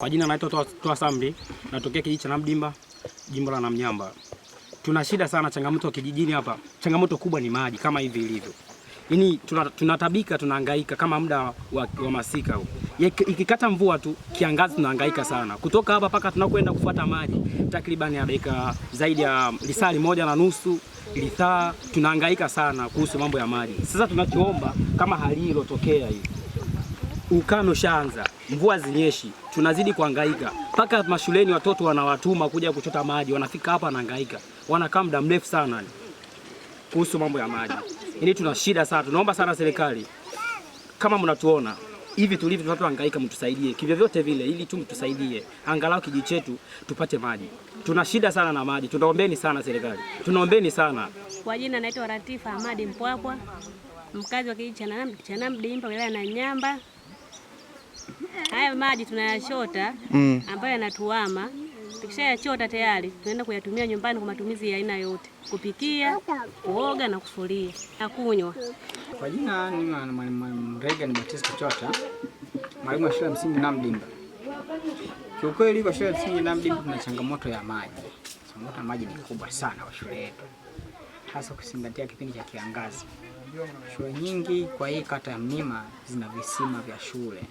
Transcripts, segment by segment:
Kwa jina naitwa Toa Samdi, natokea kijiji cha Namdimba, jimbo la Namnyamba. Tuna shida sana, changamoto kijijini hapa, changamoto kubwa ni maji kama hivi ilivyo. Yaani tunatabika, tunahangaika kama muda wa, wa masika huu. Ikikata mvua tu, kiangazi tunahangaika sana. Kutoka hapa paka tunakwenda kufuata maji, takriban ya dakika zaidi ya lisali moja na nusu lisaa. tunahangaika sana kuhusu mambo ya maji. Sasa tunachoomba kama hali iliyotokea hii ukame ushaanza, mvua zinyeshi, tunazidi kuhangaika mpaka mashuleni. Watoto wanawatuma kuja kuchota maji, wanafika hapa wanahangaika, wanakaa muda mrefu sana kuhusu mambo ya maji. Ili yaani tuna shida sana, tunaomba sana serikali, kama mnatuona hivi tulivyo, tunatohangaika, mtusaidie kivyovyote vile, ili tu mtusaidie angalau kijiji chetu tupate maji. Tuna shida sana na maji, tunaombeni sana serikali, tunaombeni sana. Kwa jina naitwa Ratifa Ahmadi Mpwapwa, mkazi wa kijiji cha Namdimba wilaya ya Nanyamba haya maji tunayachota mm. ambayo yanatuama tukishayachota tayari tunaenda kuyatumia nyumbani kwa matumizi ya aina yote, kupikia, kuoga na kufulia na kunywa. Kwa jina ni Mrega ni Batista Kichota, mwalimu wa shule ya msingi Namdimba. Kiukweli kwa shule ya msingi Namdimba kuna changamoto ya maji, changamoto ya maji ni kubwa sana kwa shule yetu, hasa kuzingatia kipindi cha kiangazi. Shule nyingi kwa hii kata ya Mlima zina visima vya shule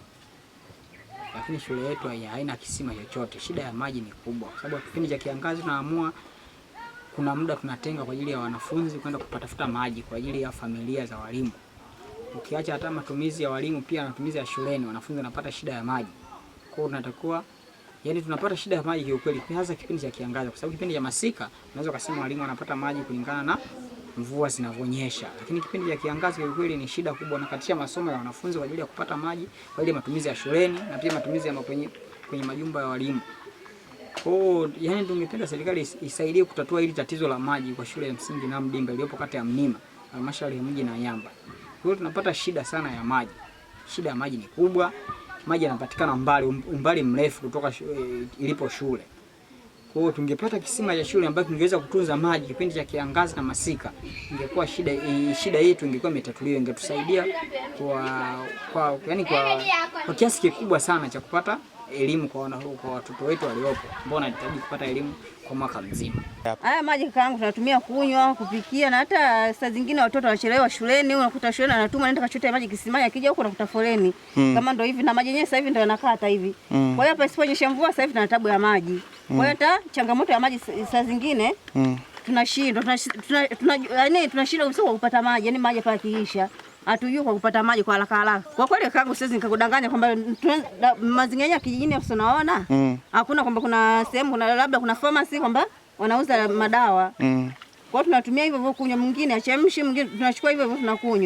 lakini shule yetu haina kisima chochote. Shida ya maji ni kubwa, kwa sababu kipindi cha kiangazi tunaamua kuna muda tunatenga kwa ajili ya wanafunzi kwenda kupatafuta maji kwa ajili ya familia za walimu. Ukiacha hata matumizi ya walimu, pia matumizi ya shuleni, wanafunzi wanapata shida ya maji. Kwa hiyo tunatakuwa yani, tunapata shida ya maji kiukweli, hasa kipindi cha kiangazi, kwa sababu kipindi cha masika unaweza kusema walimu wanapata maji kulingana na mvua zinavyonyesha, lakini kipindi cha kiangazi kwa kweli ni shida kubwa, nakatisha masomo ya wanafunzi kwa ajili ya kupata maji kwa ajili ya matumizi ya shuleni na pia matumizi ya kwenye, kwenye majumba ya walimu. Kwa hiyo yani tungependa serikali isaidie kutatua hili tatizo la maji kwa shule ya msingi na Mdimba iliyopo kati ya Mnima, halmashauri ya mji na Nyamba. Kwa hiyo tunapata shida sana ya maji. Shida ya maji ni kubwa. Maji yanapatikana mbali, umbali mrefu kutoka shule, eh, ilipo shule. Kwa hiyo tungepata kisima cha shule ambacho kingeweza kutunza maji kipindi cha kiangazi na masika, ingekuwa shida shida yetu ingekuwa imetatuliwa, ingetusaidia kwa kwa yani kwa, kwa kiasi kikubwa sana cha kupata elimu kwa wana kwa watoto wetu waliopo ambao wanahitaji kupata elimu kwa mwaka mzima. Haya maji kaangu tunatumia kunywa, kupikia na hata saa zingine watoto wanachelewa shuleni, unakuta shuleni anatuma nenda kachota maji kisimani, akija huko anakuta foleni. Hmm. Kama ndio hivi na maji yenyewe sasa hivi ndo yanakata hivi. Hmm. Kwa hiyo hapa isiponyesha mvua sasa hivi tuna tabu ya maji. Kwa hiyo mm. hata changamoto ya maji saa zingine mm. tunashindwa tunashindwa tuna, tuna, yaani kupata maji, yani maji pa kiisha hatujui kwa kupata maji kwa haraka haraka. Kwa kweli kangu siwezi nikakudanganya kwamba mazingira kijijini kijijini unaona mm. hakuna kwamba kuna sehemu kuna labda kuna pharmacy kwamba wanauza madawa kwa hiyo tunatumia hivyo hivyo kunywa, mwingine achemshi, mwingine tunachukua hivyo hivyo tunakunywa.